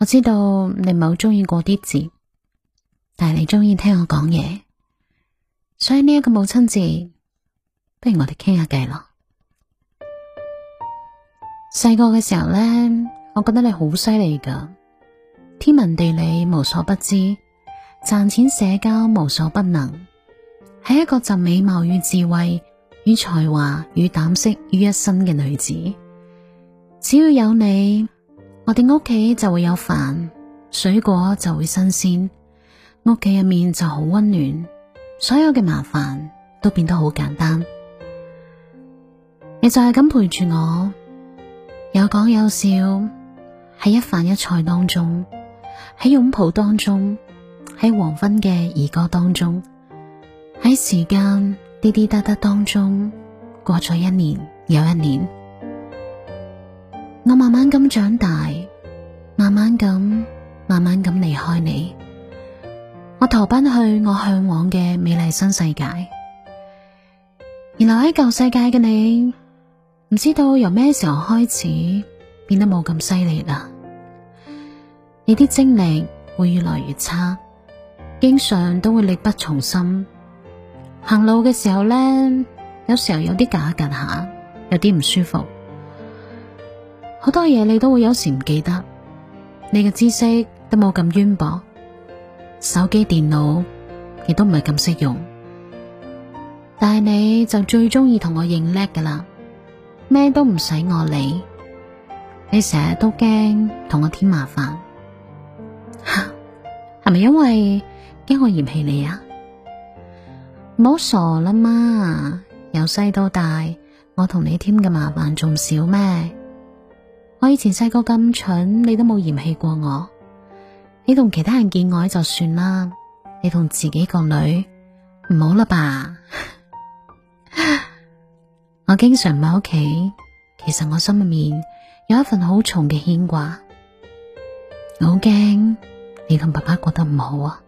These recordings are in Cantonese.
我知道你唔係好中意過啲節，但係你中意聽我講嘢，所以呢一個母親節，不如我哋傾下偈咯。細個嘅時候咧，我覺得你好犀利噶，天文地理無所不知，賺錢社交無所不能，係一個集美貌與智慧與才華與膽識於一身嘅女子。只要有你。我哋屋企就會有飯，水果就會新鮮，屋企入面就好溫暖，所有嘅麻煩都變得好簡單。你就係咁陪住我，有講有笑，喺一飯一菜當中，喺擁抱當中，喺黃昏嘅兒歌當中，喺時間滴滴答答當中，過咗一年又一年。我慢慢咁長大，慢慢咁，慢慢咁離開你。我逃奔去我向往嘅美麗新世界，原來喺舊世界嘅你，唔知道由咩時候開始變得冇咁犀利啦。你啲精力會越來越差，經常都會力不從心。行路嘅時候咧，有時候有啲夾下夾下，有啲唔舒服。好多嘢你都會有時唔記得，你嘅知識都冇咁淵博，手機電腦亦都唔係咁識用，但係你就最鍾意同我認叻噶啦，咩都唔使我理，你成日都驚同我添麻煩，係 咪因為驚我嫌棄你啊？冇傻啦嘛，由細到大，我同你添嘅麻煩仲少咩？我以前細個咁蠢，你都冇嫌棄過我。你同其他人見外就算啦，你同自己個女唔好啦吧？ 我經常唔喺屋企，其實我心裏面有一份好重嘅牽掛。我好驚你同爸爸過得唔好啊！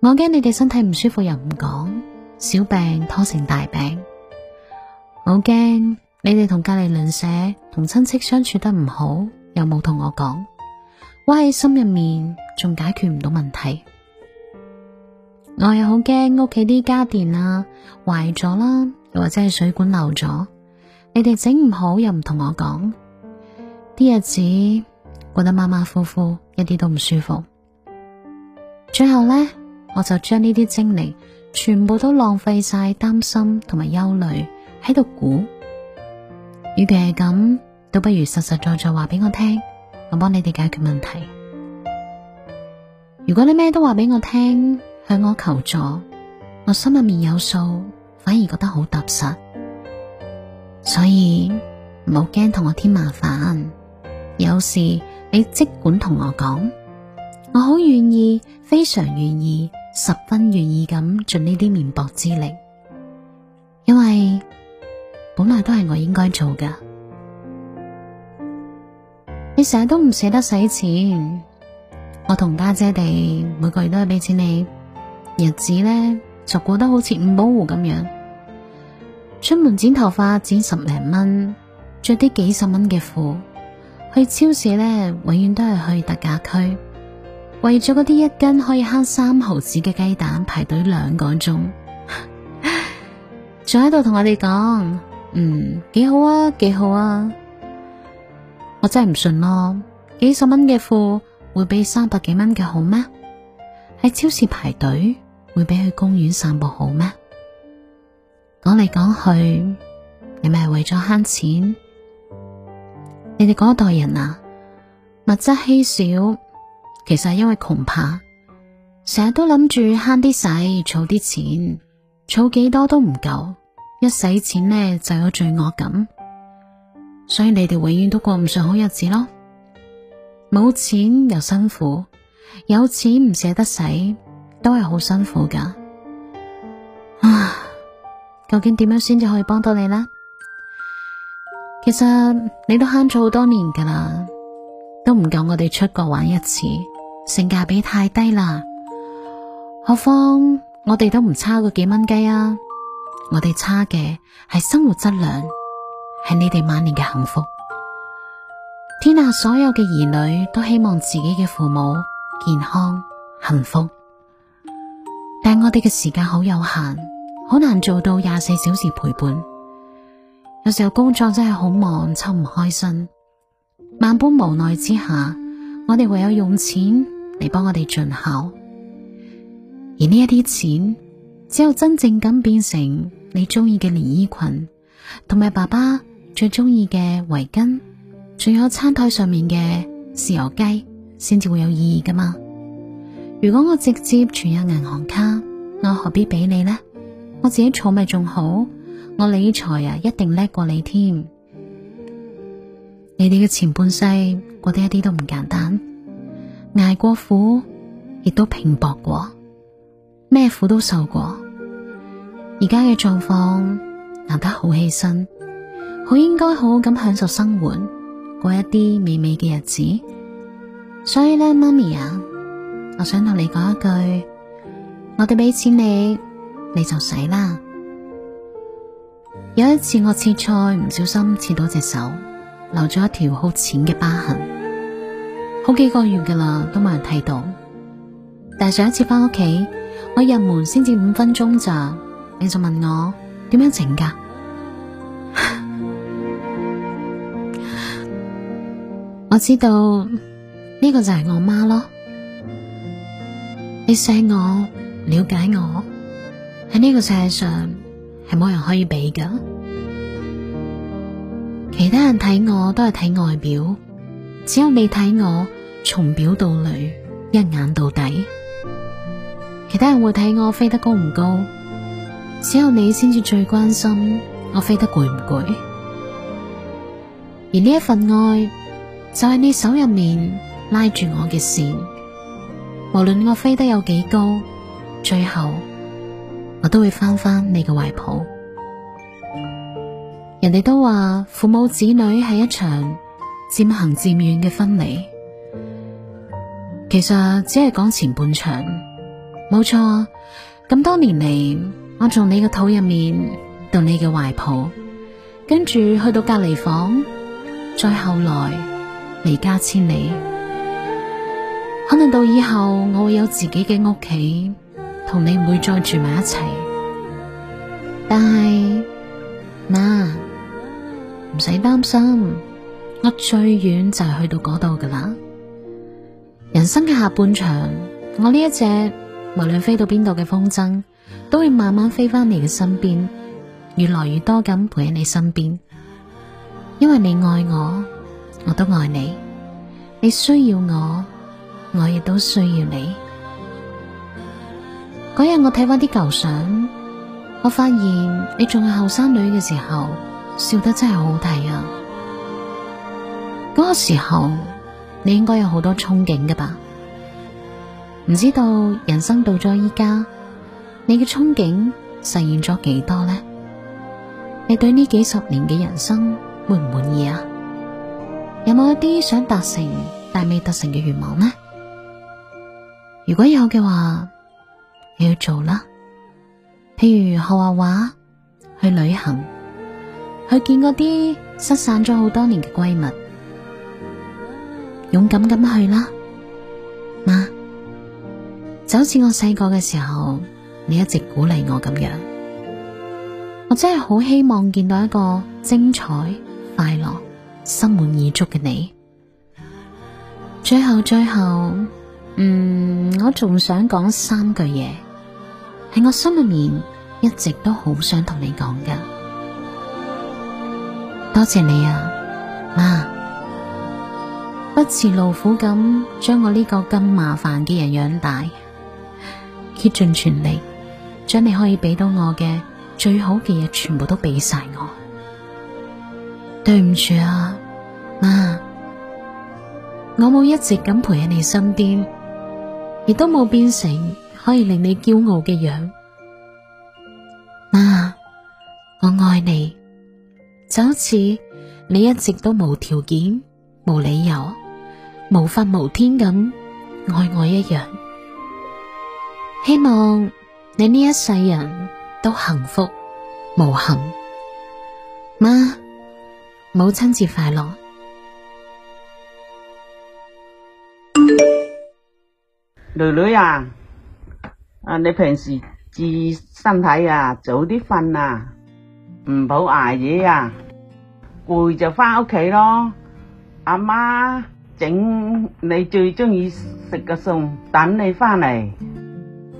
我驚你哋身體唔舒服又唔講，小病拖成大病，我驚。你哋同隔籬鄰舍同親戚相處得唔好，又冇同我講，我喺心入面仲解決唔到問題。我又好驚屋企啲家電啊壞咗啦、啊，又或者係水管漏咗，你哋整唔好又唔同我講，啲日子過得馬馬虎虎，一啲都唔舒服。最後呢，我就將呢啲精力全部都浪費晒，擔心同埋憂慮喺度估。與其係咁，都不如實實在在話俾我聽，我幫你哋解決問題。如果你咩都話俾我聽，向我求助，我心入面有數，反而覺得好踏實。所以唔好驚同我添麻煩，有事你即管同我講，我好願意，非常願意，十分願意咁盡呢啲綿薄之力，因為。本來都係我應該做噶，你成日都唔捨得使錢，我同家姐哋每個月都係俾錢你，日子咧就過得好似五保戶咁樣，出門剪頭髮剪十零蚊，着啲幾十蚊嘅褲，去超市咧永遠都係去特價區，為咗嗰啲一斤可以慳三毫子嘅雞蛋排隊兩個鐘，仲喺度同我哋講。嗯，幾好啊，幾好啊！我真係唔信咯，幾十蚊嘅褲會比三百幾蚊嘅好咩？喺超市排隊會比去公園散步好咩？講嚟講去，你咪係為咗慳錢？你哋嗰代人啊，物質稀少，其實係因為窮怕，成日都諗住慳啲使，儲啲錢，儲幾多都唔夠。一使錢咧就有罪惡感，所以你哋永遠都過唔上好日子咯。冇錢又辛苦，有錢唔捨得使，都係好辛苦噶。啊，究竟點樣先至可以幫到你呢？其實你都慳咗好多年噶啦，都唔夠我哋出國玩一次，性價比太低啦。何況我哋都唔差過幾蚊雞啊！我哋差嘅係生活質量，係你哋晚年嘅幸福。天下所有嘅兒女都希望自己嘅父母健康幸福，但我哋嘅時間好有限，好難做到廿四小時陪伴。有時候工作真係好忙，抽唔開身，萬般無奈之下，我哋唯有用錢嚟幫我哋盡孝。而呢一啲錢，只有真正咁變成。你中意嘅連衣裙，同埋爸爸最中意嘅圍巾，仲有餐台上面嘅豉油雞，先至會有意義噶嘛？如果我直接存入銀行卡，我何必俾你呢？我自己儲咪仲好，我理財啊一定叻過你添。你哋嘅前半世過得一啲都唔簡單，挨過苦亦都拼搏過，咩苦都受過。而家嘅狀況難得好起身，好應該好好咁享受生活，過一啲美美嘅日子。所以咧，媽咪啊，我想同你講一句，我哋俾錢你，你就使啦。有一次我切菜唔小心切到隻手，留咗一條好淺嘅疤痕，好幾個月噶啦都冇人睇到。但上一次翻屋企，我入門先至五分鐘咋。你就問我點樣整噶？ 我知道呢、呢個就係我媽咯。你錫我，了解我喺呢個世界上係冇人可以比噶。其他人睇我都係睇外表，只有你睇我從表到裏一眼到底。其他人會睇我飛得高唔高？只有你先至最關心我飛得攰唔攰，而呢一份愛就係你手入面拉住我嘅線，無論我飛得有幾高，最後我都會翻翻你嘅懷抱。人哋都話父母子女係一場漸行漸遠嘅分離，其實只係講前半場，冇錯。咁多年嚟。我從你嘅肚入面到你嘅懷抱，跟住去到隔離房，再後來離家千里，可能到以後我會有自己嘅屋企，同你唔會再住埋一齊。但係媽，唔使擔心，我最遠就係去到嗰度噶啦。人生嘅下半場，我呢一隻無論飛到邊度嘅風箏。都會慢慢飛翻你嘅身邊，越來越多咁陪喺你身邊，因為你愛我，我都愛你，你需要我，我亦都需要你。嗰日我睇翻啲舊相，我發現你仲係後生女嘅時候，笑得真係好睇啊！嗰個時候你應該有好多憧憬嘅吧？唔知道人生到咗依家。你嘅憧憬實現咗幾多呢？你對呢幾十年嘅人生滿唔滿意啊？有冇一啲想達成但未達成嘅願望呢？如果有嘅話，你要做啦。譬如學畫畫、去旅行、去見嗰啲失散咗好多年嘅閨蜜，勇敢咁去啦，媽。就好似我細個嘅時候。你一直鼓勵我咁樣，我真係好希望見到一個精彩、快樂、心滿意足嘅你。最後，最後，嗯，我仲想講三句嘢，喺我心裏面一直都好想同你講噶。多謝你啊，媽，不辭勞苦咁將我呢個咁麻煩嘅人養大，竭盡全力，將你可以俾到我嘅最好嘅嘢，全部都俾晒我。對唔住啊，媽，我冇一直咁陪喺你身邊，亦都冇變成可以令你驕傲嘅樣。媽，我愛你，就好似你一直都無條件、無理由、無法無天咁愛我一樣。希望。你呢一世人都幸福無幸。媽，母親節快樂。女女啊，啊你平時注意身體啊，早啲瞓啊，唔好挨夜啊，攰就翻屋企咯，阿媽整你最中意食嘅餸，等你翻嚟。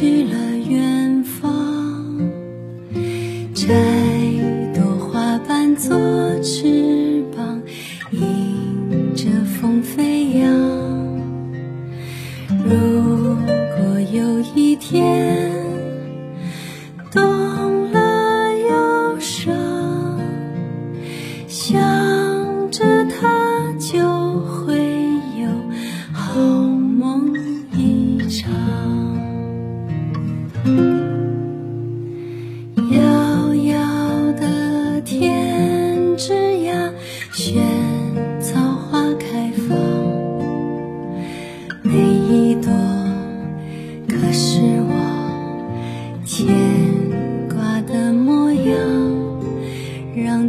去了。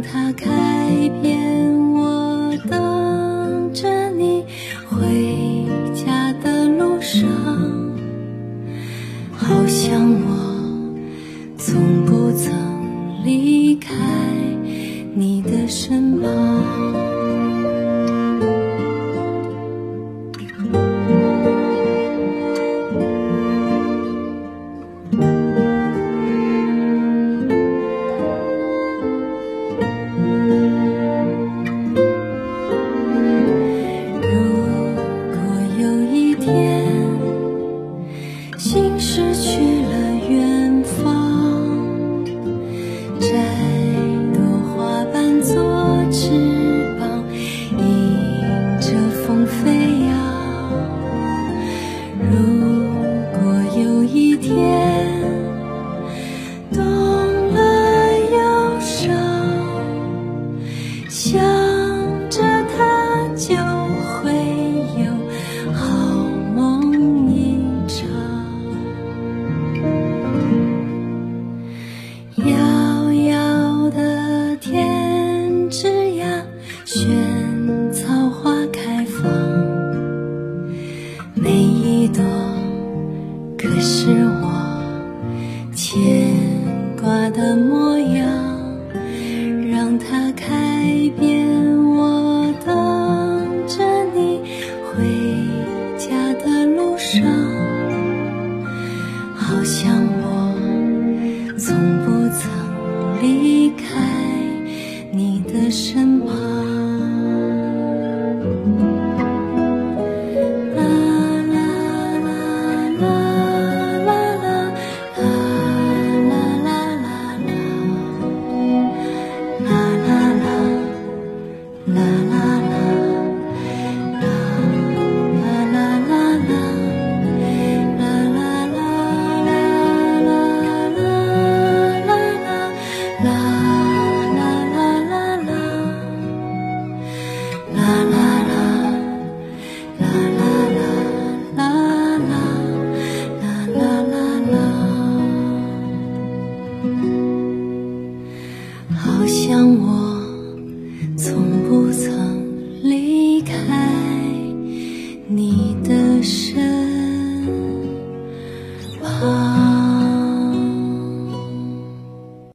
讓他。